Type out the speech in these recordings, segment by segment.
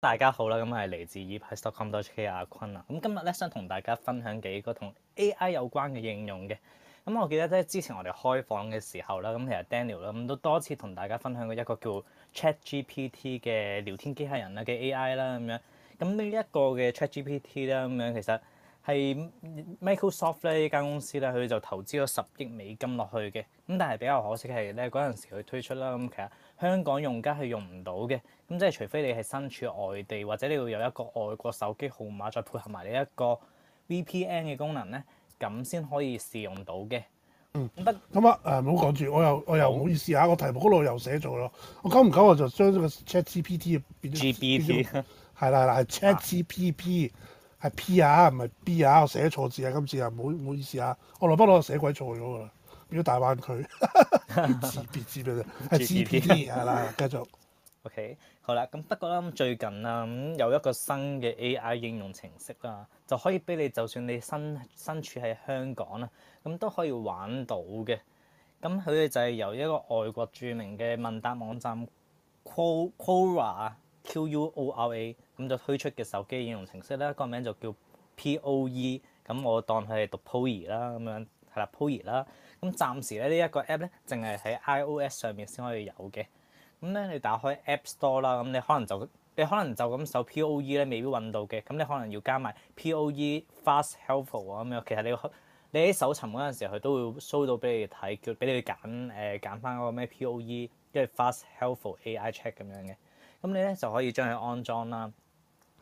大家好啦，咁係嚟自 eprice.com.hk 阿坤啊，咁今日咧想同大家分享幾個同 AI 有關嘅應用嘅，咁我記得咧之前我哋開房嘅時候啦，咁其實 Daniel 啦，咁都多次同大家分享過一個叫 ChatGPT 嘅聊天機械人啦嘅 AI 啦，咁樣，咁呢一個嘅 ChatGPT 啦，咁樣其實。係 Microsoft 咧呢間公司咧，佢就投資咗十億美金落去嘅。咁但係比較可惜係咧，嗰陣時佢推出啦，咁其實香港用家係用唔到嘅。咁即係除非你係身處外地，或者你要有一個外國手機號碼，再配合埋你一個 VPN 嘅功能咧，咁先可以試用到嘅。嗯不嗯。嗯。得咁啊！誒，唔好講住，我又我又唔、嗯、好意思啊。個題目嗰度又寫咗咯。我久唔久我就將個 ChatGPT 變 GPT，GB 係啦係啦，ChatGPT。係 P r 唔係 B r 我寫錯字啊，今次啊，唔好唔好意思啊，我羅邦佬寫鬼錯咗啊，變咗大灣區， 自別字別字嘅啫，係啦， 繼續。OK，好啦，咁不過啦，咁最近啊，咁、嗯、有一個新嘅 AI 應用程式啦，就可以俾你，就算你身身處喺香港啦，咁都可以玩到嘅。咁佢哋就係由一個外國著名嘅問答網站 Quora，Q U O R A，咁就推出嘅手機應用程式咧，個名就叫 Poe。咁我當佢係讀 Poe 啦，咁樣係啦，Poe 啦。咁暫時咧，呢一個 app 咧，淨係喺 iOS 上面先可以有嘅。咁咧，你打開 App Store 啦，咁你可能就你可能就咁搜 Poe 咧，未必揾到嘅。咁你可能要加埋 Poe Fast Helpful 啊咁樣。其實你你喺搜尋嗰陣時候，佢都會 show 到俾你睇，叫俾你揀誒揀翻嗰個咩 Poe 跟住 Fast Helpful AI Chat 咁樣嘅。咁你咧就可以將佢安裝啦。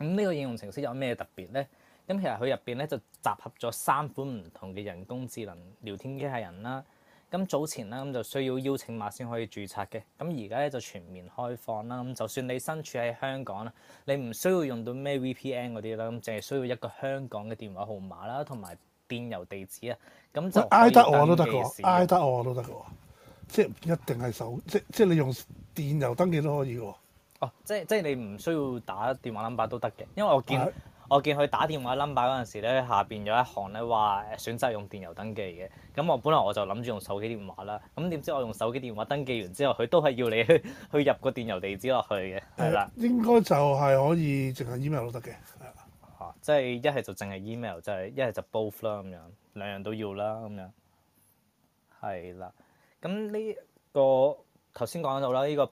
咁呢個應用程式有咩特別呢？咁其實佢入邊咧就集合咗三款唔同嘅人工智能聊天機械人啦。咁早前啦，咁就需要邀請碼先可以註冊嘅。咁而家咧就全面開放啦。咁就算你身處喺香港啦，你唔需要用到咩 VPN 嗰啲啦，咁淨係需要一個香港嘅電話號碼啦，同埋電郵地址啊。咁喂就挨得我都得㗎，挨得我都得㗎。即係一定係手，即即係你用電郵登記都可以嘅。哦，即係即係你唔需要打電話 number 都得嘅，因為我見、啊、我見佢打電話 number 嗰陣時咧，下邊有一行咧話選擇用電郵登記嘅。咁我本來我就諗住用手機電話啦。咁點知我用手機電話登記完之後，佢都係要你去去入個電郵地址落去嘅。係啦，應該就係可以淨係 email 都得嘅。係啊，即係一係就淨係 email，就係一係就 both 啦咁樣，兩樣都要啦咁樣。係啦，咁呢個頭先講到啦，呢個。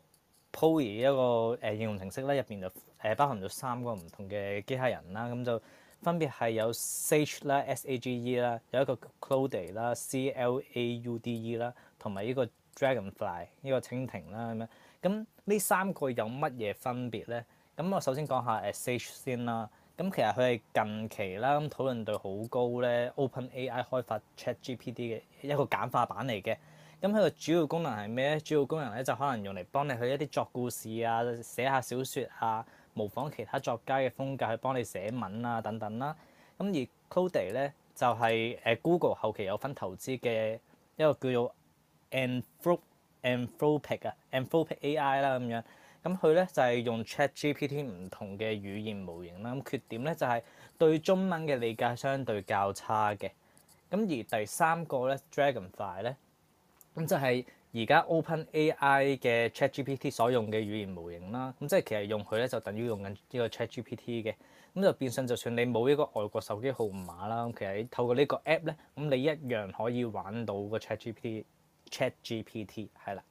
Poe 一個誒應用程式咧，入邊就誒包含咗三個唔同嘅機械人啦，咁就分別係有 Sage 啦、S A G E 啦,有一個 Claude, C L A U D E 啦、Claude 啦，同埋呢個 Dragonfly 呢個蜻蜓啦咁樣。咁呢三個有乜嘢分別咧？咁我首先講下誒 Sage 先啦。咁其實佢係近期啦，咁討論度好高咧。OpenAI 開發 ChatGPT 嘅一個簡化版嚟嘅。咁佢個主要功能係咩咧？主要功能咧就可能用嚟幫你去一啲作故事啊，寫下小説啊，模仿其他作家嘅風格去幫你寫文啊等等啦。咁而 Claude 咧就係誒 Google 後期有份投資嘅一個叫做 Anthropic 嘅，Anthropic AI 啦咁樣。咁佢咧就係用 ChatGPT 唔同嘅語言模型啦。咁缺點咧就係對中文嘅理解相對較差嘅。咁而第三個咧 Dragonfly 咧。咁就係而家 Open AI 嘅 Chat GPT 所用嘅語言模型啦。咁、嗯、即係其實用佢咧，就等於用緊呢個 Chat GPT 嘅。咁就變相，就算你冇一個外國手機號碼啦，其實透過呢個 App 咧，咁你一樣可以玩到個 Chat GPT。Chat GPT 係啦。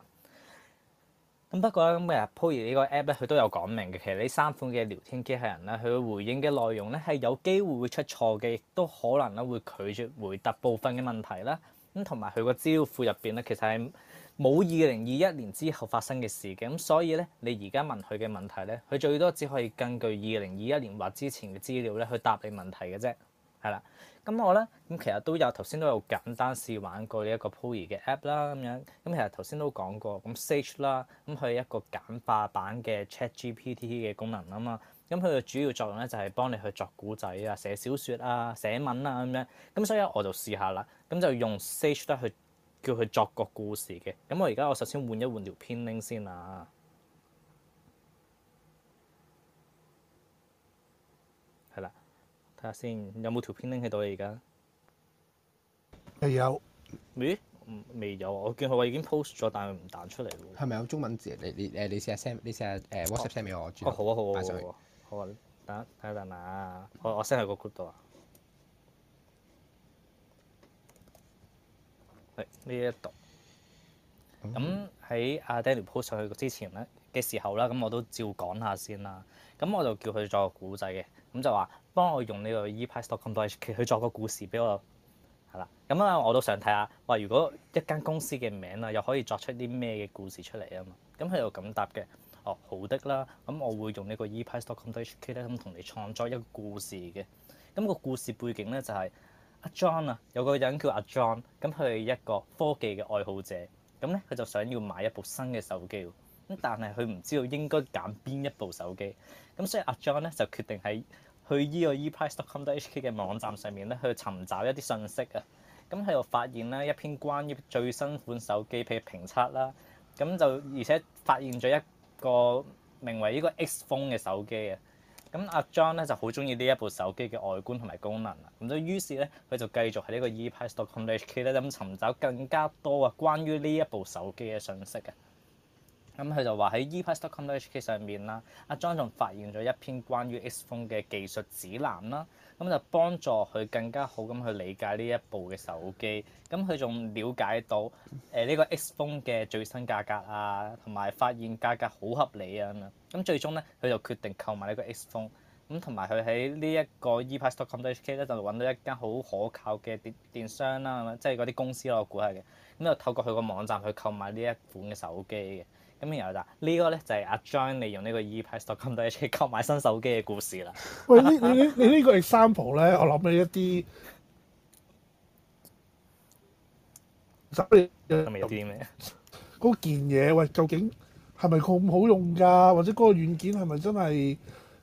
咁不過咧，咁 Poe 呢個 App 咧，佢都有講明嘅。其實呢三款嘅聊天機械人咧，佢嘅回應嘅內容咧係有機會會出錯嘅，亦都可能咧會拒絕回答部分嘅問題啦。同埋佢個資料庫入邊咧，其實係冇二零二一年之後發生嘅事嘅。咁所以咧，你而家問佢嘅問題咧，佢最多只可以根據二零二一年或之前嘅資料咧去答你問題嘅啫。係啦，咁我咧，咁其實都有頭先都有簡單試玩過呢一個 Poe 嘅 app 啦。咁樣，咁其實頭先都講過，咁 Sage 啦，咁佢係一個簡化版嘅 Chat GPT 嘅功能啊嘛。咁佢嘅主要作用咧就係幫你去作故仔啊、寫小説啊、寫文啊咁樣。咁所以我就試下啦。咁就用 Sage 得去叫佢作個故事嘅。咁我而家我首先換一換條 pinned link 先啊。係啦，睇下先有冇條 pinned link 喺度啊？而家未有？咦？未有啊？我見佢話已經 post 咗，但係唔彈出嚟喎。係咪有中文字？你你誒你試下 send，你試下誒 WhatsApp send 俾、哦、我。我哦，好啊，好啊。我、啊、等一下睇下嗱，我我 send 去個 group 度啊。係呢一度，咁喺阿 Daniel post 上去之前咧嘅時候啦，咁我都照講下先啦。咁我就叫佢作個故仔嘅，咁就話幫我用呢個 ePrice.com.hk 去作個故事俾我係啦。咁啊，我都想睇下，話如果一間公司嘅名啊，又可以作出啲咩嘅故事出嚟啊嘛。咁佢就咁答嘅，哦，好的啦，咁我會用呢個 ePrice.com.hk 咁同你創作一個故事嘅。咁個故事背景咧就係……阿 John 啊，有個人叫阿 John，咁佢係一個科技嘅愛好者，咁咧佢就想要買一部新嘅手機，咁但係佢唔知道應該揀邊一部手機，咁所以阿 John 咧就決定喺去呢個 eprice.com.hk 嘅網站上面咧去尋找一啲信息啊，咁喺度發現啦一篇關於最新款手機譬如評測啦，咁就而且發現咗一個名為呢個 X Phone 嘅手機啊。阿 John 就好鍾意呢一部手機嘅外觀同埋功能啦，咁就於是咧佢就繼續喺呢個 eprice.com.hk 咧咁尋找更加多啊關於呢一部手機嘅信息。咁佢、嗯、就話喺 eprice.com.hk 上面啦，阿莊仲發現咗一篇關於 X Phone 嘅技術指南啦，咁、嗯嗯、就幫助佢更加好咁去理解呢一部嘅手機。咁佢仲了解到誒呢、呃呢個 X Phone 嘅最新價格啊，同埋發現價格好合理啊咁啊。咁、嗯、最終咧，佢就決定購買呢個 X Phone、嗯。咁同埋佢喺呢一個 eprice.com.hk 咧就揾到一間好可靠嘅電電商啦、啊，咁、嗯、即係嗰啲公司我估係嘅。咁、嗯、就透過佢個網站去購買呢一款嘅手機嘅。咁然後就呢個咧就係阿 John 利用呢個 ePrice.com.hk 購買新手機嘅故事啦。喂， 你你你個呢你呢個 example 咧，我諗起一啲，實咪有啲咩？嗰件嘢喂，究竟係咪咁好用㗎？或者嗰個軟件係咪真係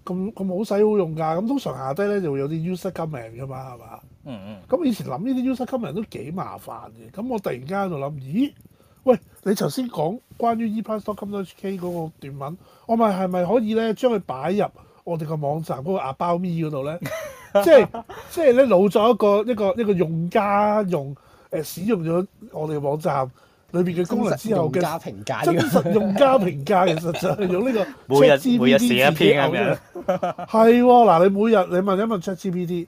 咁咁好使好用㗎？咁通常下低咧就會有啲 user comment 㗎嘛，係嘛？嗯嗯。咁以前諗呢啲 user comment 都幾麻煩嘅。咁我突然間就諗，咦？喂，你頭先講關於 E Plus Talk in HK 嗰個段文，我咪係咪可以咧將佢擺入我哋個網站嗰個阿包咪嗰度咧？即係即係咧，攞咗一個一個一個用家用誒、呃、使用咗我哋網站裏邊嘅功能之後嘅評價，真實用家評價 其實就係用呢個每日 g b 每日試己一篇啊像，係啦、 哦。喎，嗱你每日你問一問 ChatGPT，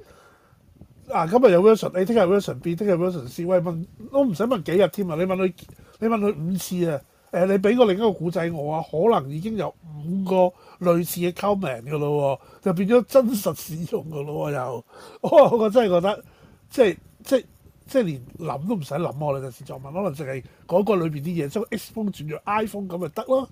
嗱、啊、今日有 version A，你聽日 version B，聽日 version C，喂問我唔使問幾日添啊，你問佢。你問佢五次啊？誒、呃，你俾個另一個古仔我啊，可能已經有五個類似嘅 comment 嘅咯、啊，就變咗真實使用嘅咯喎又，我，我真係覺得即係即係即係連諗都唔使諗喎，我哋陣時作文，可能淨係。嗰個裏邊啲嘢，即係 X 風轉咗 iPhone 咁咪得咯。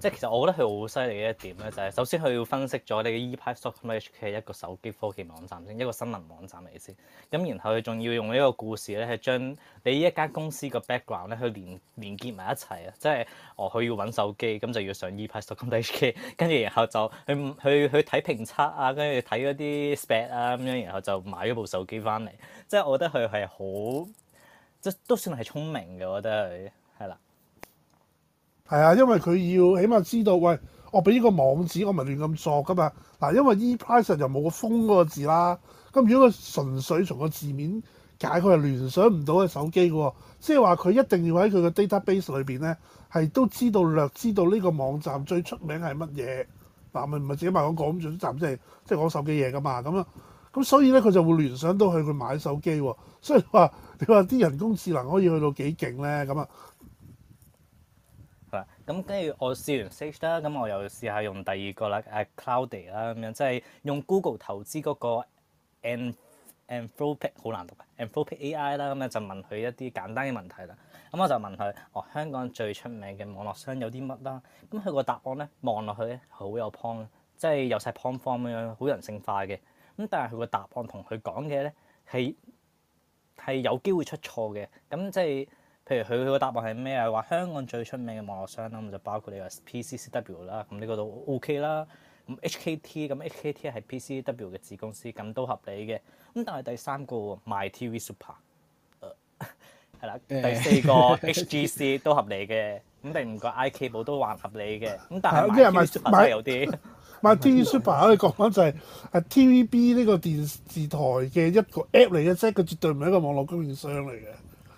即係其實我覺得佢好犀利嘅一點咧，就係首先佢要分析咗你嘅 EpicStockHK 係一個手機科技網站先，一個新聞網站嚟先。咁然後佢仲要用呢個故事咧，係將你依一家公司嘅 background 咧，去連連結埋一齊啊。即係哦，佢要揾手機，咁就要上 EpicStockHK，跟住然後就去去去睇評測啊，跟住睇嗰啲 spec 啊咁樣，然後就買咗部手機翻嚟。即、就、係、是、我覺得佢係好。即都算係聰明嘅，我覺得係係啦，係啊，因為佢要起碼知道，喂，我俾呢個網址，我咪係亂咁作噶嘛。嗱，因為 ePrice 又冇個 phone 嗰個字啦。咁如果佢純粹從個字面解，佢係聯想唔到嘅手機嘅喎。即係話佢一定要喺佢嘅 database 裏邊咧，係都知道略知道呢個網站最出名係乜嘢嗱？咪唔咪自己咪講唔網站，即係即係講手機嘢噶嘛咁樣。咁所以咧，佢就會聯想到去佢買手機喎、哦。所以話。你話啲人工智能可以去到幾勁咧？咁啊、嗯，嗱，咁跟住我試完 Sage 啦，咁我又試下用第二個啦，誒 Claude 啦，咁樣即係用 Google 投資嗰個 An Anthropic，好難讀嘅 Anthropic AI 啦，咁樣就問佢一啲簡單嘅問題啦。咁我就問佢，哦，香港最出名嘅網絡商有啲乜啦？咁佢個答案咧，望落去咧，好有 point，即係有晒 point form 咁樣，好人性化嘅。咁但係佢個答案同佢講嘅咧係。係有機會出錯嘅，咁即係譬如佢佢個答案係咩啊？話香港最出名嘅網絡商啦，咁就包括你話 PCCW 啦，咁呢個都 OK 啦。咁 HKT 咁 HKT 係 p c w 嘅子公司，咁都合理嘅。咁但係第三個 MyTV Super 係啦、呃，第四個 HGC 都合理嘅。咁第五個 i k 部都還合理嘅。咁但係 My t TV Super 有啲。My TV Super 喺度講緊就係啊 TVB 呢個電視台嘅一個 app 嚟嘅，即係佢絕對唔係一個網絡供應商嚟嘅。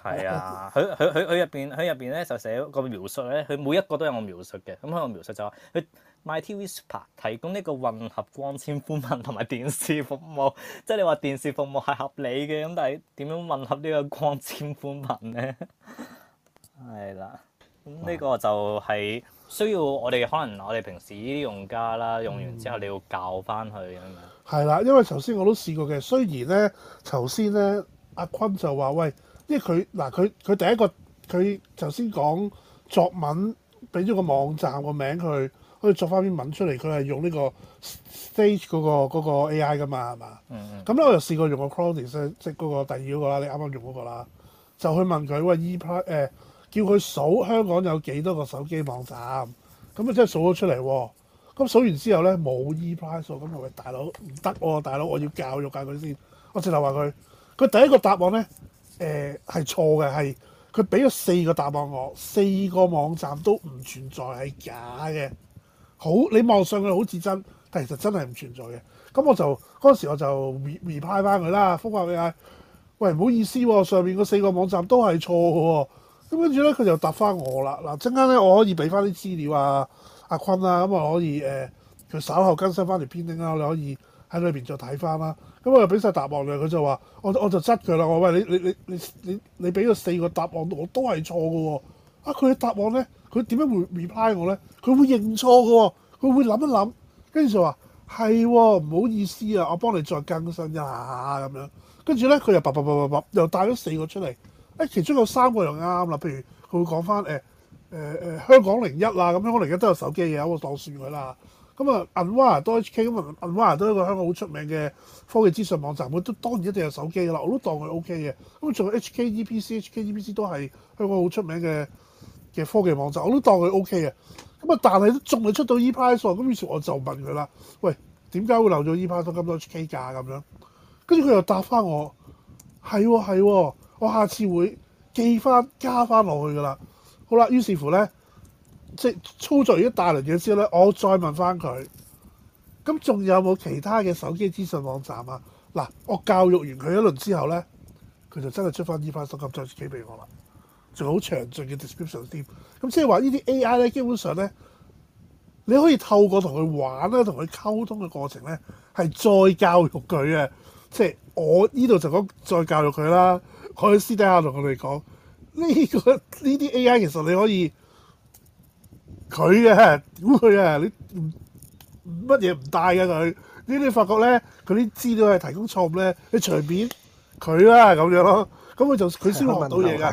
係啊，佢佢佢佢入邊佢入邊咧就寫咗個描述咧，佢每一個都有個描述嘅。咁佢個描述就話佢 My TV Super 提供呢個混合光纖寬頻同埋電視服務，即係你話電視服務係合理嘅，咁但係點樣混合呢個光纖寬頻咧？係 啦，咁呢個就係。需要我哋可能我哋平時用家啦，用完之後你要教翻佢咁樣。係啦、嗯，因為頭先我都試過嘅。雖然咧，頭先咧阿坤就話喂，因為佢嗱佢佢第一個佢頭先講作文，俾咗個網站個名佢，可以作翻篇文出嚟。佢係用呢個 stage 嗰、嗰個嗰個 AI 噶嘛，係嘛、嗯？嗯。咁咧，我又試過用個 Claude 即係即係嗰個第二嗰、嗰個啦，你啱啱用嗰個啦，就去問佢喂 e p 叫佢數香港有幾多個手機網站，咁啊真係數咗出嚟喎、哦。咁數完之後呢，冇 ePrice 數，咁我話：大佬唔得喎，大佬我要教育下佢先。我直頭話佢，佢第一個答案呢誒係、欸、錯嘅，係佢俾咗四個答案我，四個網站都唔存在，係假嘅。好，你望上去好似真，但其實真係唔存在嘅。咁我就嗰時我就 re-reply 翻佢啦，復話佢，喂，唔好意思、哦，上面嗰四個網站都係錯嘅、哦。咁跟住咧，佢又答翻我啦。嗱，陣間咧，我可以俾翻啲資料啊，啊，阿坤啊。咁、嗯、啊可以誒，佢、呃、稍後更新翻條 pinned link 啦，你可以喺裏邊再睇翻啦。咁我又俾晒答案佢，佢就話：我我就執佢啦。我喂你你你你你你俾咗四個答案，我都係錯嘅喎。啊，佢嘅答案咧，佢點樣 reply 我咧？佢會認錯嘅喎，佢會諗一諗，跟住就話係喎，唔、哦、好意思啊，我幫你再更新一下咁樣。跟住咧，佢又啪啪啪啪啪，又帶咗四個出嚟。其中有三個又啱啦，譬如佢會講翻誒誒誒香港零一啊，咁樣可能而家都有手機嘅，我當算佢啦。咁、嗯、啊 Unwired 都 H K，咁啊 Unwired 都一個香港好出名嘅科技資訊網站，佢都當然一定有手機啦，我都當佢 O K 嘅。咁、嗯、仲有 H K E P C，H K E P C 都係香港好出名嘅嘅科技網站，我都當佢 O K 嘅。咁、嗯、啊，但係都仲未出到 E Price 咁於是我就問佢啦：，喂，點解會漏咗 E Price 咁多 H K 價咁、啊、樣？跟住佢又答翻我：係，係、哦。我下次會寄翻加翻落去噶啦，好啦，於是乎咧，即係操作完一大輪嘢之後咧，我再問翻佢，咁仲有冇其他嘅手機資訊網站啊？嗱，我教育完佢一輪之後咧，佢就真係出翻呢塊手機再寄俾我啦，仲有好詳盡嘅 description 添。咁、嗯、即係話呢啲 AI 咧，基本上咧，你可以透過同佢玩啦，同佢溝通嘅過程咧，係再教育佢嘅，即係我呢度就講再教育佢啦。我喺私底下同我哋講，呢、呢個呢啲 AI 其實你可以佢嘅，屌佢啊！你乜嘢唔帶嘅佢？呢啲發覺咧，佢啲資料係提供錯誤咧，你隨便佢啦咁樣咯。咁佢就佢先會問到嘢嘅，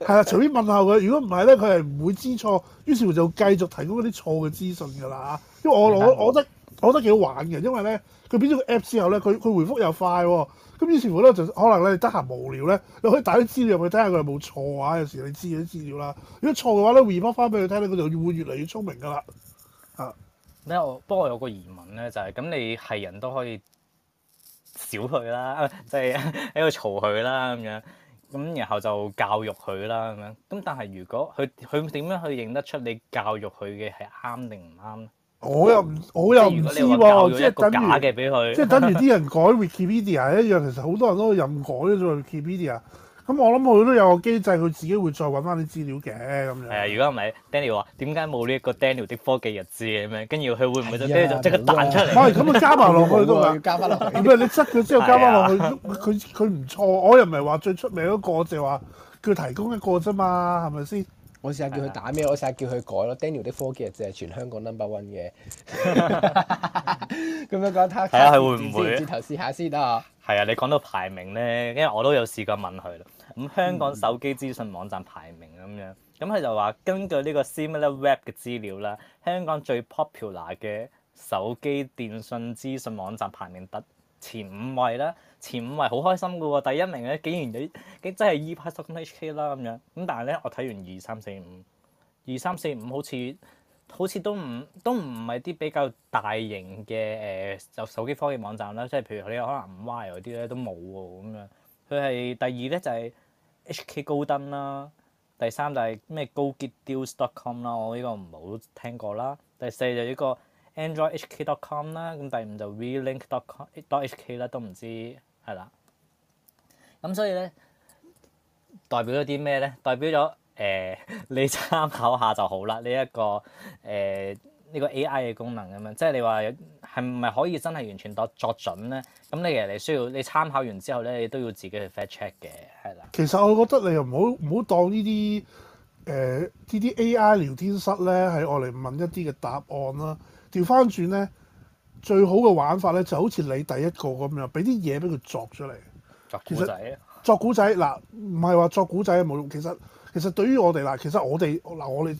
係啊，隨便問候佢。如果唔係咧，佢係唔會知錯，於是乎就繼續提供嗰啲錯嘅資訊噶啦。因為我的我我覺得我覺得幾好玩嘅，因為咧佢變咗個 app 之後咧，佢佢回覆又快喎、哦。咁於是乎咧，就可能咧，你得閒無聊咧，你可以帶啲資料入去睇下佢有冇錯啊。有時你知啲資料啦，如果錯嘅話咧 report 翻俾佢聽咧，佢就會越嚟越聰明噶啦。啊，咧我，不過有個疑問咧，就係、是、咁，你係人都可以少佢啦，即係喺度嘈佢啦咁樣，咁然後就教育佢啦咁樣。咁但係如果佢佢點樣去認得出你教育佢嘅係啱定唔啱我又我又唔知喎，即係等住啲人改 Wikipedia 一樣，其實好多人都任改咗 Wikipedia。咁我諗佢都有個機制，佢自己會再揾翻啲資料嘅咁樣。係啊，如果唔係 Daniel 話點解冇呢一個 Daniel 的科技日誌嘅咁樣？跟住佢會唔會即就即刻、哎、呀彈出嚟？喂，咁咪、啊、 加埋落去都係， 加翻落唔係你執咗之後加翻落去，佢佢唔錯。我又唔係話最出名嗰個，就係話佢提供一個啫嘛，係咪先？我試下叫佢打咩？我試下叫佢改咯。Daniel 啲科技淨係全香港 number one 嘅，咁樣講，睇下佢係會唔會？轉頭試下先得啊。係啊，你講到排名咧，因為我都有試過問佢啦。咁香港手機資訊網站排名咁樣，咁佢就話根據呢個 Similar Web 嘅資料啦，香港最 popular 嘅手機電訊資訊網站排名得前五位啦。前五位好開心噶喎，第一名咧，竟然你竟然真係 eprice.com.hk 啦咁樣，咁但係咧我睇完二三四五，二三四五好似好似都唔都唔係啲比較大型嘅誒就手機科技網站啦，即係譬如你可能五 Y 嗰啲咧都冇喎咁樣。佢係第二咧就係 HK 高登啦，第三就係咩高傑 Deals.com 啦，我呢個唔好聽過啦。第四就呢個 AndroidHK.com 啦，咁第五就 WeLink.com.hk 啦，都唔知。係啦，咁所以咧，代表咗啲咩咧？代表咗誒、呃，你參考下就好啦。呢、這、一個誒，呢、呃這個 A.I. 嘅功能咁樣，即係你話係唔係可以真係完全作準咧？咁你其實你需要你參考完之後咧，你都要自己去 fact check 嘅。係啦，其實我覺得你又唔好唔好當呢啲誒呢啲 A.I. 聊天室咧，係我嚟問一啲嘅答案啦。調翻轉咧。最好嘅玩法咧，就好似你第一個咁樣，俾啲嘢俾佢作出嚟。作古仔，作古仔嗱，唔係話作古仔冇用。其實其實，其實對於我哋嗱，其實我哋嗱，我哋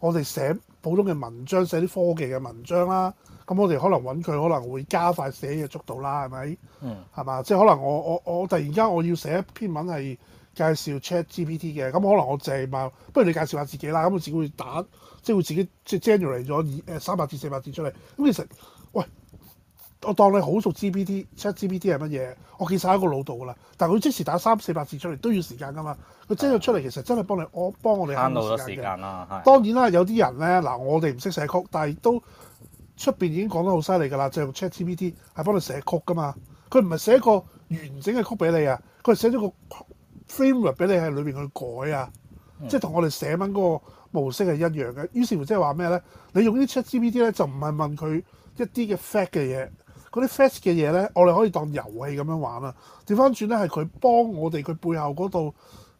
我哋寫普通嘅文章，寫啲科技嘅文章啦。咁我哋可能揾佢可能會加快寫嘢速度啦，係咪？嗯。係嘛，即係可能我我我突然間我要寫一篇文係介紹 Chat GPT 嘅，咁可能我淨係，不如你介紹下自己啦。咁我自己會打即係會自己即係 generate 咗二誒三百至四百字出嚟。咁其實。喂，我當你好熟 GPT，Chat GPT 係乜嘢？我記曬喺個腦度噶啦。但係佢即時打三四百字出嚟都要時間噶嘛。佢即咗出嚟，其實真係幫你，我幫我哋慳到咗時間啦。當然啦，有啲人咧嗱，我哋唔識寫曲，但係都出邊已經講得好犀利噶啦。就用 Chat GPT 係幫你寫曲噶嘛。佢唔係寫一個完整嘅曲俾你啊，佢係寫咗個 framework 俾你喺裏邊去改啊，即係同我哋寫文嗰個模式係一樣嘅。於是乎即係話咩咧？你用呢啲 Chat GPT 咧，就唔係問佢。一啲嘅 fact 嘅嘢，嗰啲 fact 嘅嘢咧，我哋可以當遊戲咁樣玩啦。調翻轉咧，係佢幫我哋，佢背後嗰度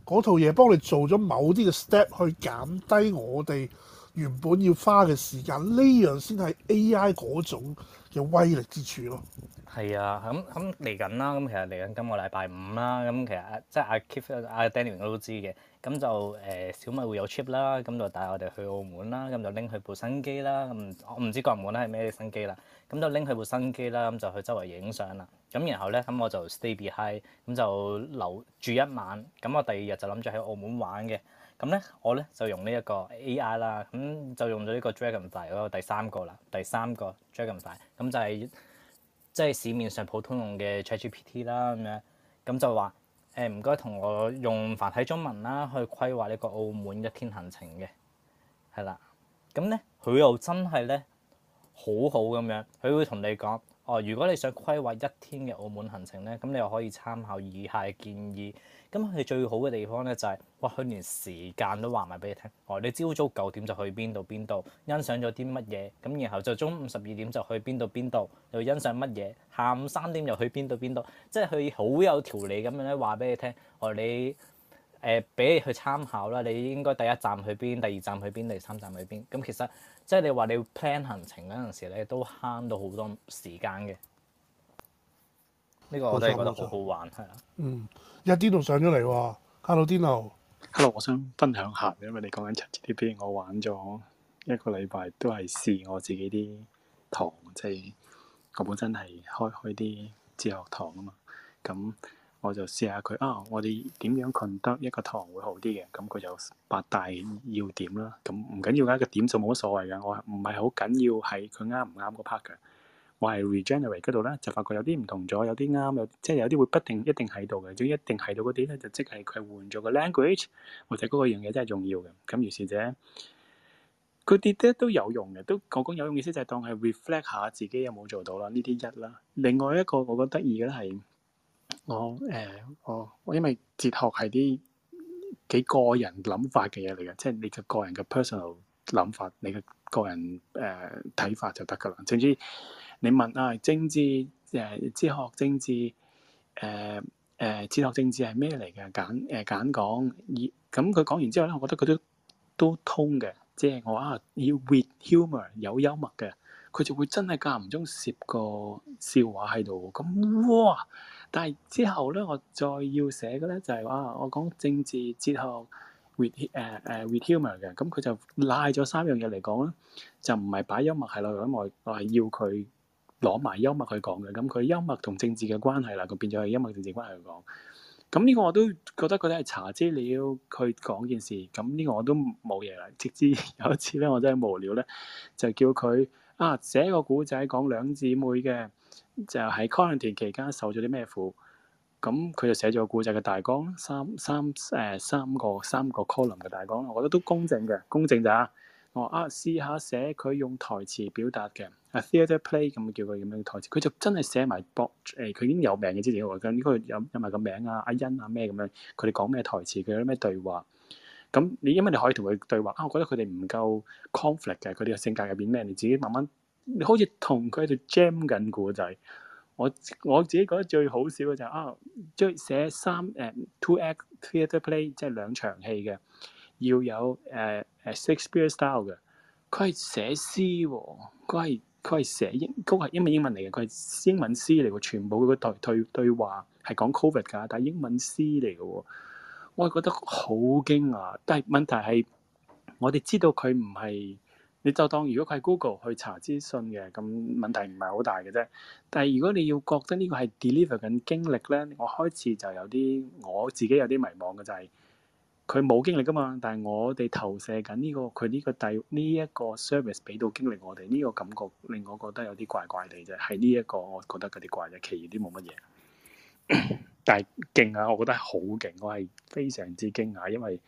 套嘢幫你做咗某啲嘅 step，去減低我哋原本要花嘅時間。呢樣先係 AI 嗰種嘅威力之處咯。係啊，咁咁嚟緊啦。咁其實嚟緊今個禮拜五啦。咁其實阿、啊、即係、啊、阿 Keith 阿 Daniel 都知嘅。咁就誒、欸、小米會有 trip 啦，咁就帶我哋去澳門啦，咁就拎佢部新機啦，咁我唔知國門咧係咩新機啦，咁就拎佢部新機啦，咁就去周圍影相啦。咁然後咧，咁我就 stay behind，咁就留住一晚。咁我第二日就諗住喺澳門玩嘅。咁咧，我咧就用呢一個 AI 啦，咁就用咗呢個 Dragonfly 咯，第三個啦、就是，第三個 Dragonfly，咁就係即係市面上普通用嘅 ChatGPT 啦，咁樣，咁就話。誒唔該，同我用繁體中文啦，去規劃呢個澳門一天行程嘅，係啦，咁咧佢又真係咧好好咁樣，佢會同你講，哦，如果你想規劃一天嘅澳門行程咧，咁你又可以參考以下嘅建議。咁佢最好嘅地方咧就係、是，哇！佢連時間都話埋俾你聽。哦，你朝早九點就去邊度邊度，欣賞咗啲乜嘢，咁然後就中午十二點就去邊度邊度，又欣賞乜嘢，下午三點又去邊度邊度，即係佢好有條理咁樣咧話俾你聽。哦，你誒俾、你、去參考啦，你應該第一站去邊，第二站去邊，第三站去邊。咁其實即係你話你要 plan 行程嗰陣時咧，你都慳到好多時間嘅。呢個我第一個覺得好好玩，係啊，嗯，一啲都上咗嚟喎，Hello Dino，Hello，我想分享下，因為你講緊 ChatGPT，我玩咗一個禮拜都係試我自己啲堂，即係我本身係開開啲自學堂啊嘛，咁我就試下佢啊，我哋點樣羣得一個堂會好啲嘅，咁佢有八大要點啦，咁唔緊要㗎，個點就冇乜所謂嘅，我唔係好緊要係佢啱唔啱個 part 嘅。我係 regenerate 嗰度咧，就發覺有啲唔同咗，有啲啱，有即係、就是、有啲會不定一定喺度嘅，總之一定喺度嗰啲咧，就即係佢係換咗個 language 或者嗰個樣嘢，真係重要嘅。咁於是者，佢啲都有用嘅，都講講有用意思就係當係 reflect 下自己有冇做到啦。呢啲一啦，另外一個我覺得二嘅咧係我誒、呃、我我因為哲學係啲幾個人諗法嘅嘢嚟嘅，即、就、係、是、你嘅個人嘅 personal。諗法，你嘅個人誒睇、呃、法就得㗎啦。甚至，你問啊，政治誒、呃呃、哲學政治誒誒哲學政治係咩嚟嘅？簡誒簡講，以咁佢講完之後咧，我覺得佢都都通嘅。即係我啊，要 with humor 有幽默嘅，佢就會真係間唔中攝個笑話喺度。咁、嗯、哇！但係之後咧，我再要寫嘅咧就係、是、話、啊，我講政治哲學。with humour 嘅，咁佢、uh, uh, 就拉咗三樣嘢嚟講啦，就唔係擺幽默係落嚟咁，我我係要佢攞埋幽默去講嘅，咁佢幽默同政治嘅關係啦，佢變咗係幽默政治關係去講。咁呢個我都覺得佢哋係查資料，佢講件事。咁呢個我都冇嘢啦。直至有一次咧，我真係無聊咧，就叫佢啊寫個古仔講兩姊妹嘅，就喺、是、quarantine 期間受咗啲咩苦。咁佢就寫咗個故仔嘅大綱，三三誒、呃、三個三個 column 嘅大綱，我覺得都公正嘅，公正咋？我啊試下寫佢用台詞表達嘅，啊 theater play 咁叫佢點樣台詞，佢就真係寫埋博誒，佢已經有名嘅之前我依個有有埋個名啊，阿欣啊咩咁樣，佢哋講咩台詞，佢有咩對話，咁你因為你可以同佢對話啊，我覺得佢哋唔夠 conflict 嘅，佢哋嘅性格入面咩？你自己慢慢，你好似同佢喺度 jam 緊故仔。我我自己覺得最好笑嘅就係啊，即係寫三誒、呃、two act theatre play，即係兩場戲嘅，要有誒誒 Shakespeare style 嘅，佢係寫詩喎，佢係佢係寫英，佢係英文英文嚟嘅，佢係英文詩嚟嘅，全部佢個對對對話係講 COVID 㗎，但係英文詩嚟嘅，我係覺得好驚訝，但係問題係我哋知道佢唔係。你就當如果佢係 Google 去查資訊嘅，咁問題唔係好大嘅啫。但係如果你要覺得呢個係 deliver 緊經歷呢，我開始就有啲我自己有啲迷茫嘅，就係佢冇經歷噶嘛。但係我哋投射緊呢個佢呢個第呢一個 service 俾到經歷我哋，呢個感覺令我覺得有啲怪怪地啫。係呢一個我覺得嗰啲怪嘅，其餘啲冇乜嘢。但係勁啊！我覺得好勁，我係非常之驚訝，因為。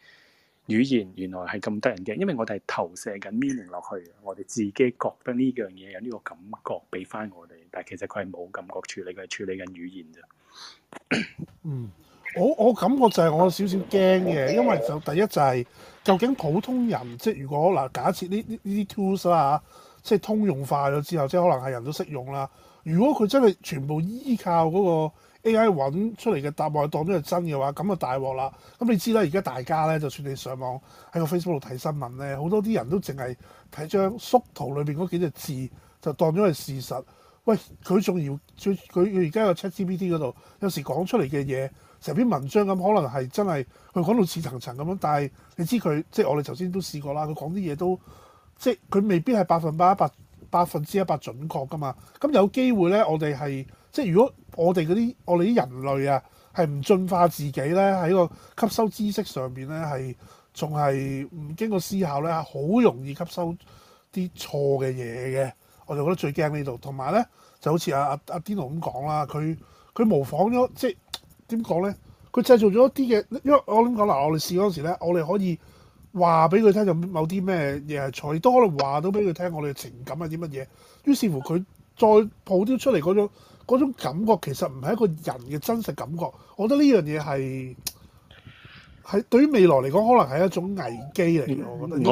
語言原來係咁得人驚，因為我哋係投射緊 meaning 落去，我哋自己覺得呢樣嘢有呢個感覺俾翻我哋，但係其實佢係冇感覺處理，佢係處理緊語言啫。嗯，我我感覺就係我有少少驚嘅，因為就第一就係究竟普通人即係如果嗱假設呢呢呢啲 tools 啦，即係通用化咗之後，即係可能係人都識用啦。如果佢真係全部依靠嗰個 A.I. 揾出嚟嘅答案當咗係真嘅話，咁就大鑊啦！咁你知啦，而家大家咧，就算你上網喺個 Facebook 度睇新聞咧，好多啲人都淨係睇張縮圖裏邊嗰幾隻字就當咗係事實。喂，佢仲要最佢而家個 ChatGPT 嗰度，有時講出嚟嘅嘢成篇文章咁，可能係真係佢講到似層層咁樣，但係你知佢即係我哋頭先都試過啦，佢講啲嘢都即係佢未必係百分百一百百分之一百準確㗎嘛。咁有機會咧，我哋係。即係如果我哋嗰啲我哋啲人類啊，係唔進化自己咧，喺個吸收知識上邊咧係仲係唔經過思考咧，係好容易吸收啲錯嘅嘢嘅。我就覺得最驚呢度，同埋咧就好似阿阿阿 Dino 咁講啦，佢佢模仿咗即係點講咧？佢製造咗一啲嘅，因為我諗講嗱？我哋試嗰陣時咧，我哋可以話俾佢聽有某啲咩嘢係錯，亦都可能話到俾佢聽我哋嘅情感係啲乜嘢。於是乎佢再抱啲出嚟嗰種。嗰種感覺其實唔係一個人嘅真實感覺，我覺得呢樣嘢係係對於未來嚟講，可能係一種危機嚟嘅。嗯嗯、我覺得得、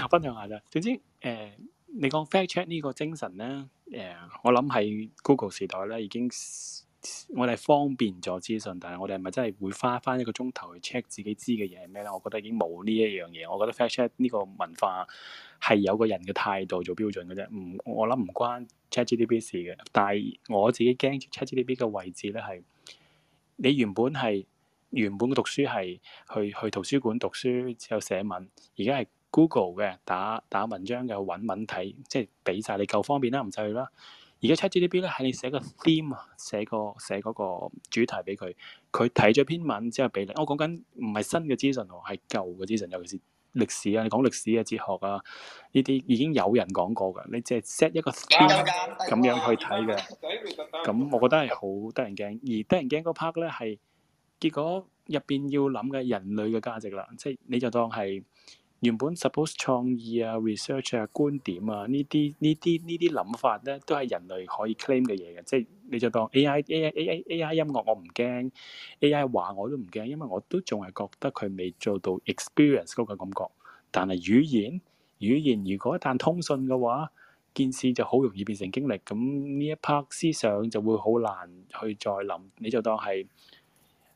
哦、分享下啦，總之誒、呃，你講 fact check 呢個精神咧，誒、呃，我諗喺 Google 時代咧已經。我哋係方便咗資訊，但係我哋係咪真係會花返一個鐘頭去 check 自己知嘅嘢係咩咧？我覺得已經冇呢一樣嘢。我覺得 fact chat 呢個文化係有個人嘅態度做標準嘅啫。唔，我諗唔關 ChatGPT 事嘅。但係我自己驚 ChatGPT 嘅位置咧，係你原本係原本讀書係去去圖書館讀書之後寫文，而家係 Google 嘅打打文章嘅揾文睇，即係俾晒你夠方便啦，唔使去啦。而家 ChatGPT 咧，係你寫個 theme 啊，寫個寫嗰個主題俾佢，佢睇咗篇文之後俾你。我講緊唔係新嘅資訊喎，係舊嘅資訊，尤其是歷史啊，你講歷史啊、哲學啊呢啲已經有人講過噶。你即係 set 一個 theme 咁、啊、樣去睇嘅，咁我覺得係好得人驚。而得人驚嗰 part 咧係結果入邊要諗嘅人類嘅價值啦，即、就、係、是、你就當係。原本 suppose 創意啊、research 啊、觀點啊呢啲呢啲呢啲諗法咧，都係人類可以 claim 嘅嘢嘅。即係你就當 AI AI AI AI 音樂我唔驚，AI 話我都唔驚，因為我都仲係覺得佢未做到 experience 嗰個感覺。但係語言語言如果一旦通訊嘅話，件事就好容易變成經歷。咁呢一 part 思想就會好難去再諗。你就當係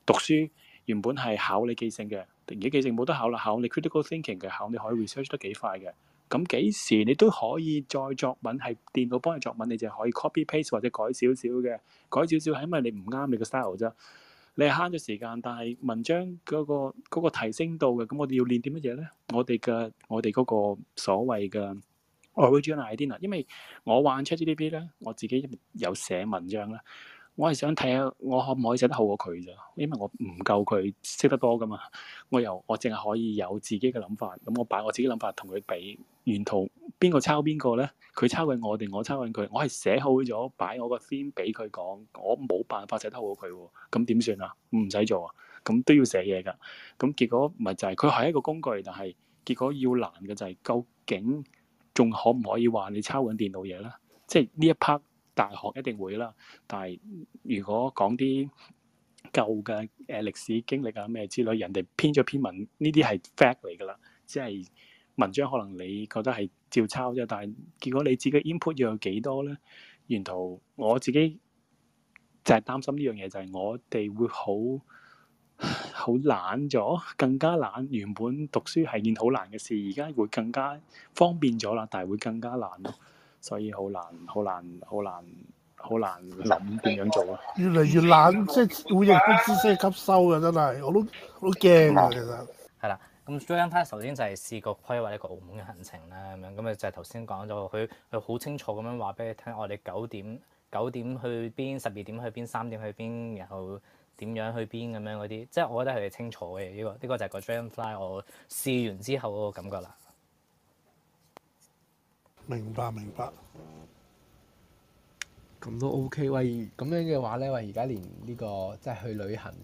讀書原本係考你記性嘅。定嘅記性冇得考啦，考你 critical thinking 嘅，考你，你可以 research 得幾快嘅。咁幾時你都可以再作文，係電腦幫你作文，你就可以 copy paste 或者改少少嘅，改少少係因為你唔啱你個 style 啫。你係慳咗時間，但係文章嗰、嗰個嗰個提升到嘅，咁我哋要練啲乜嘢咧？我哋嘅我哋嗰個所謂嘅 original idea 嗱，因為我玩 ChatGPT 咧，我自己有寫文章啦。我係想睇下我可唔可以寫得好過佢咋？因為我唔夠佢識得多噶嘛。我又我淨係可以有自己嘅諗法，咁我擺我自己諗法同佢比。沿途邊個抄邊個咧？佢抄緊我定我抄緊佢？我係寫好咗，擺我個片畀佢講。我冇辦法寫得好過佢，咁點算啊？唔使做啊？咁都要寫嘢噶。咁結果咪就係佢係一個工具，但係結果要難嘅就係、是、究竟仲可唔可以話你抄緊電腦嘢咧？即係呢一 part。大學一定會啦，但係如果講啲舊嘅誒、呃、歷史經歷啊咩之類，人哋編咗篇文，呢啲係 fact 嚟㗎啦，即係文章可能你覺得係照抄啫，但係結果你自己 input 要有幾多咧？沿途我自己就係擔心呢樣嘢，就係、是、我哋會好好懶咗，更加懶。原本讀書係件好難嘅事，而家會更加方便咗啦，但係會更加懶咯。所以好難，好難，好難，好難諗點樣做啊！越嚟越難，即係會認得知識吸收嘅，真係我都好驚啊！其實係啦，咁 Dragonfly 首先就係試過規劃一個澳門嘅行程啦，咁樣咁啊就係頭先講咗，佢佢好清楚咁樣話俾你聽，我哋九點九點去邊，十二點去邊，三點去邊，然後點樣去邊咁樣嗰啲，即係、就是、我覺得係清楚嘅呢、這個呢、這個就係個 Dragonfly 我試完之後嗰個感覺啦。明白明白，咁都 OK 喂，咁樣嘅話咧，喂而家連呢個即係去旅行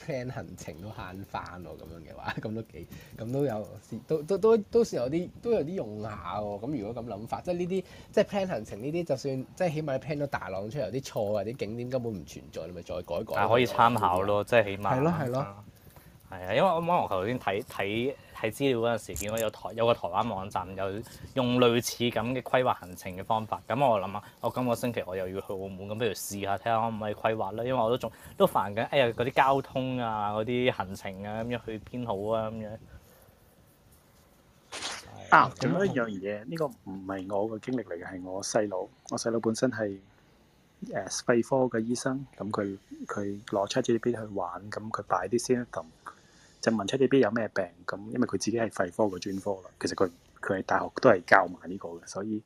plan 行程都慳返喎，咁樣嘅話，咁都幾，咁都有都都都都算有啲都有啲用下喎。咁如果咁諗法，即係呢啲即係 plan 行程呢啲，就算即係起碼你 plan 到大浪出嚟，有啲錯啊，啲景點根本唔存在，你咪再改改。係可以參考咯，即係起碼。係咯係咯。係啊，因為我剛剛頭先睇睇睇資料嗰陣時，見到有台有個台灣網站有用類似咁嘅規劃行程嘅方法。咁我諗下，我今個星期我又要去澳門，咁不如試下睇下可唔可以規劃啦。因為我都仲都煩緊，哎呀嗰啲交通啊，嗰啲行程啊，咁樣去邊好啊，咁樣啊。仲有一樣嘢，呢個唔係我嘅經歷嚟嘅，係我細佬。我細佬本身係誒肺科嘅醫生，咁佢佢攞出支筆去玩，咁佢擺啲先一就問 ChatGPT 有咩病咁？因為佢自己係肺科嘅專科啦，其實佢佢喺大學都係教埋、這、呢個嘅，所以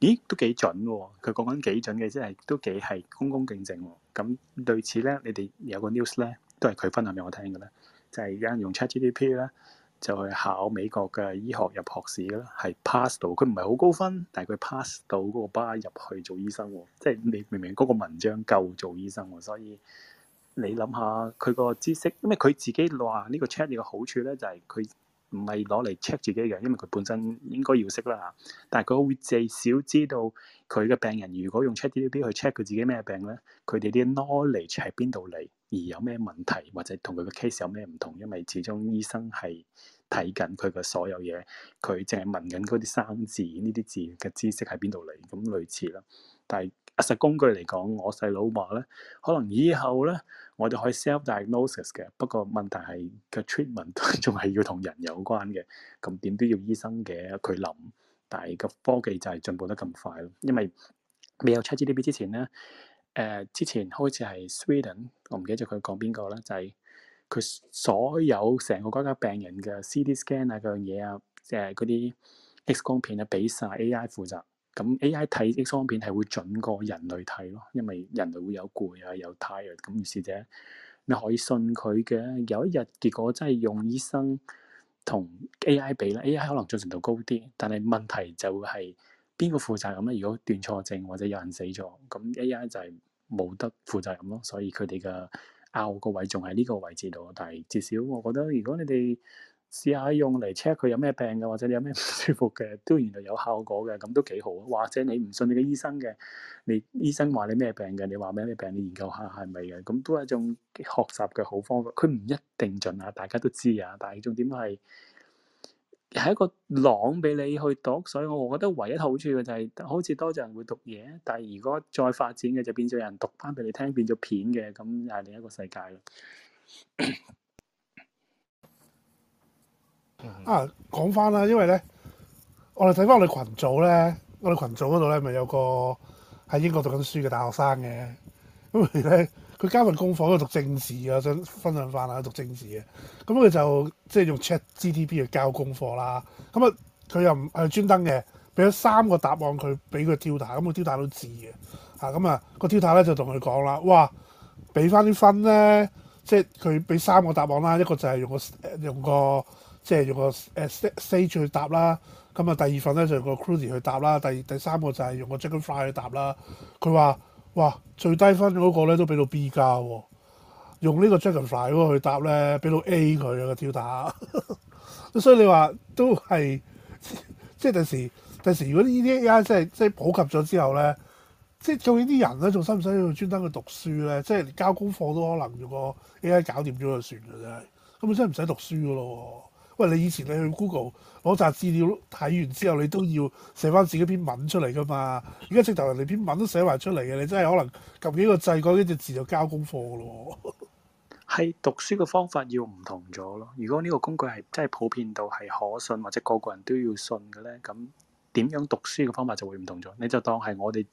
咦都幾準喎？佢講緊幾準嘅，即係都幾係恭恭敬敬。咁對此咧，你哋有個 news 咧，都係佢分享俾我聽嘅咧，就係而家用 ChatGPT 咧就去考美國嘅醫學入學試啦，係 pass 到。佢唔係好高分，但係佢 pass 到嗰個 bar 入去做醫生喎。即係你明明嗰個文章夠做醫生喎，所以。你諗下佢個知識，因為佢自己話呢個 check 嘅好處咧，就係佢唔係攞嚟 check 自己嘅，因為佢本身應該要識啦嚇。但係佢會至少知道佢嘅病人如果用 check t b 去 check 佢自己咩病咧，佢哋啲 knowledge 喺邊度嚟，而有咩問題，或者同佢嘅 case 有咩唔同，因為始終醫生係睇緊佢嘅所有嘢，佢淨係問緊嗰啲生字呢啲字嘅知識喺邊度嚟，咁類似啦。但係，實在工具嚟講，我細佬話咧，可能以後咧，我哋可以 self diagnosis 嘅。不過問題係個 treatment 仲係要同人有關嘅，咁點都要醫生嘅佢諗。但係個科技就係進步得咁快咯。因為未有 ChatGPT 之前咧，誒、呃、之前開始係 Sweden，我唔記得咗佢講邊個啦，就係、是、佢所有成個國家病人嘅 CT scan 啊，嗰樣嘢啊，即係嗰啲 X 光片啊，俾晒 AI 負責。咁 A.I. 睇 X 光片係會準過人類睇咯，因為人類會有攰啊，有 tired 咁，於是者你可以信佢嘅。有一日結果真係用醫生同 A.I. 比咧，A.I. 可能準程度高啲，但係問題就係、是、邊個負責任咧？如果斷錯症或者有人死咗，咁 A.I. 就係冇得負責任咯。所以佢哋嘅拗個位仲喺呢個位置度，但係至少我覺得如果你哋，試下用嚟 check 佢有咩病嘅，或者你有咩唔舒服嘅，都原來有效果嘅，咁都幾好啊！或者你唔信你嘅醫生嘅，你醫生話你咩病嘅，你話咩咩病，你研究下係咪嘅，咁都係一種學習嘅好方法。佢唔一定準啊，大家都知啊，但係重點係係一個網俾你去讀，所以我我覺得唯一好處嘅就係、是，好似多咗人會讀嘢，但係如果再發展嘅就變咗有人讀翻俾你聽，變咗片嘅，咁又係另一個世界。 啊，講翻啦，因為咧，我哋睇翻我哋群組咧，我哋群組嗰度咧咪有個喺英國讀緊書嘅大學生嘅，咁佢咧佢交份功課，度讀政治啊，想分享翻啊，讀政治嘅，咁佢就即係用 ChatGPT 去交功課啦。咁、嗯、啊，佢又唔係專登嘅，俾咗三個答案 tutor、嗯，佢俾個 tutor 咁個 tutor 都字嘅啊。咁、嗯、啊、那個 tutor 咧就同佢講啦，哇，俾翻啲分咧，即係佢俾三個答案啦，一個就係用個用個。呃用個即係用個誒 stage 去搭啦，咁啊第二份咧就係、用個 cruiser 去搭啦，第第三個就係用個 dragonfly 去搭啦。佢話：哇，最低分嗰個咧都俾到 B 加，哦，用呢個 dragonfly 去搭咧俾到 A 佢個跳打呵呵，所以你話都係即係第時第時，時如果呢啲 AI 即係真係普及咗之後咧，即係究竟啲人咧仲使唔使用專登去讀書咧？即係連交功課都可能用個 AI 搞掂咗就算㗎，真係咁本身唔使讀書㗎咯，哦。喂！你以前你去 Google 攞啲資料睇完之後，你都要寫返自己篇文出嚟㗎嘛？而家直頭連篇文都寫埋出嚟嘅，你真係可能撳幾個掣嗰幾隻字就交功課咯。係讀書嘅方法要唔同咗咯。如果呢個工具係真係普遍到係可信，或者個個人都要信嘅咧，咁點樣讀書嘅方法就會唔同咗。你就當係我哋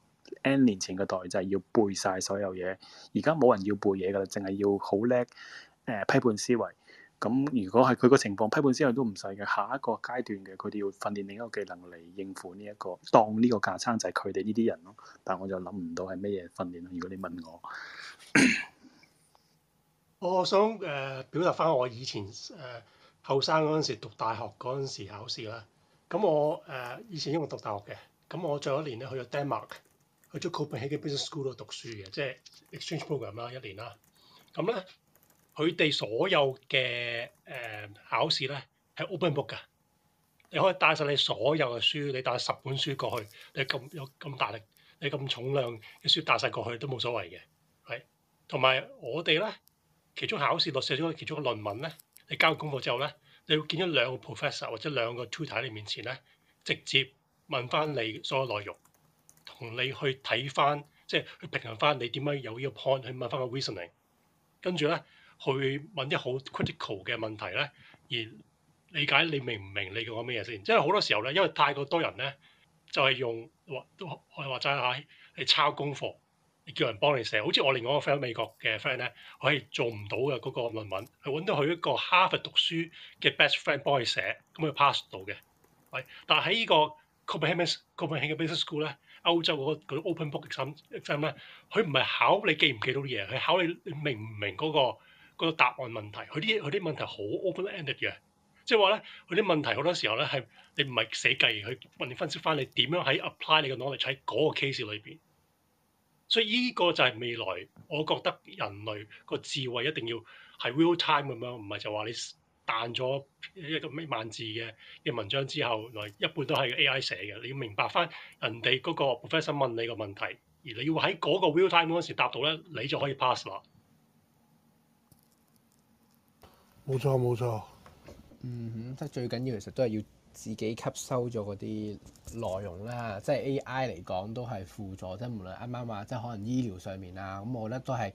N 年前嘅代，就係要背晒所有嘢。而家冇人要背嘢㗎喇，淨係要好叻誒批判思維。咁如果係佢個情況，批判之後都唔使嘅，下一個階段嘅佢哋要訓練另一個技能嚟應付呢、這、一個當呢個架撐就係佢哋呢啲人咯。但係我就諗唔到係咩嘢訓練。如果你問我，我想誒、uh, 表達翻我以前誒後生嗰陣時讀大學嗰陣時考試啦。咁我誒、uh, 以前因為讀大學嘅，咁我最後一年咧去咗 Denmark 去咗 Copenhagen Business School 度讀書嘅，即、就、係、是、exchange program 啦，一年啦。咁咧。佢哋所有嘅誒、呃、考試咧係 open book 㗎，你可以帶晒你所有嘅書，你帶十本書過去，你咁有咁大力，你咁重量嘅書帶晒過去都冇所謂嘅，係。同埋我哋咧，其中考試落寫咗其中一個論文咧，你交功課之後咧，你會見咗兩個 professor 或者兩個 tutor 喺你面前咧，直接問翻你所有內容，同你去睇翻，即係去平衡翻你點樣有呢個 point 去問翻個 reasoning，跟住咧。去問啲好 critical 嘅問題咧，而理解你明唔明你講咩先？即係好多時候咧，因為太過多人咧，就係、是、用我哋話齋係抄功課，你叫人幫你寫。好似我另外一個 friend 美國嘅 friend 咧，係做唔到嘅嗰個論文,文，去揾到佢一個哈佛讀書嘅 best friend 幫你寫，咁佢 pass 到嘅。喂，但喺呢個 Copenhagen Copenhagen business school 咧，歐洲嗰啲 open book exam，真咧，佢唔係考你記唔記到啲嘢，佢考你,你明唔明嗰、那個。個答案問題，佢啲佢啲問題好 open ended 嘅，即係話咧，佢啲問題好多時候咧係你唔係死記，佢問你分析翻你點樣喺 apply 你嘅 knowledge 喺嗰個 case 裏邊。所以呢個就係未來，我覺得人類個智慧一定要係 real time 咁樣，唔係就話你彈咗一個咩萬字嘅嘅文章之後，來一半都係 AI 寫嘅。你要明白翻人哋嗰個 professor 問你個問題，而你要喺嗰個 real time 嗰陣時答到咧，你就可以 pass 啦。冇錯冇錯，錯嗯哼，即係最緊要其實都係要自己吸收咗嗰啲內容啦，即係 AI 嚟講都係輔助，即係無論啱啱話即係可能醫療上面啊，咁我覺得都係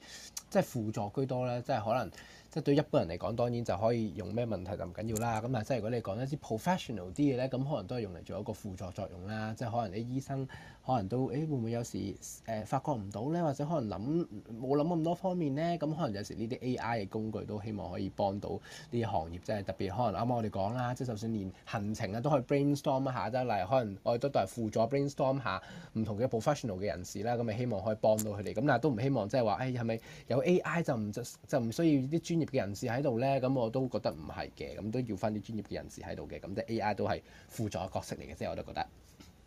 即係輔助居多啦，即係可能。即對一般人嚟講，當然就可以用咩問題就唔緊要啦。咁但係即如果你講一啲 professional 啲嘢呢，咁可能都係用嚟做一個輔助作用啦。即可能啲醫生可能都誒會唔會有時誒、呃、發覺唔到呢？或者可能諗冇諗咁多方面呢？咁可能有時呢啲 AI 嘅工具都希望可以幫到呢啲行業，即係特別可能啱啱我哋講啦，即就算連行程啊都可以 brainstorm 一下啫。例如可能我哋都當係輔助 brainstorm 下唔同嘅 professional 嘅人士啦，咁咪希望可以幫到佢哋。咁但係都唔希望即係話誒係咪有 AI 就唔就唔需要啲專業嘅人士喺度呢，咁我都覺得唔係嘅，咁都要翻啲專業嘅人士喺度嘅，咁即係 A I 都係輔助角色嚟嘅，即係我都覺得。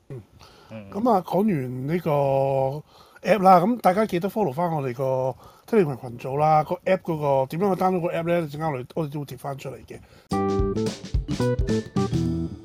嗯，咁、嗯嗯、啊，講完呢個 A P P 啦，咁大家記得 follow 翻我哋個 Telegram 群組啦，個 APP 嗰個 A P P 嗰個點樣去 download 個 A P P 呢？陣間我哋都都會貼翻出嚟嘅。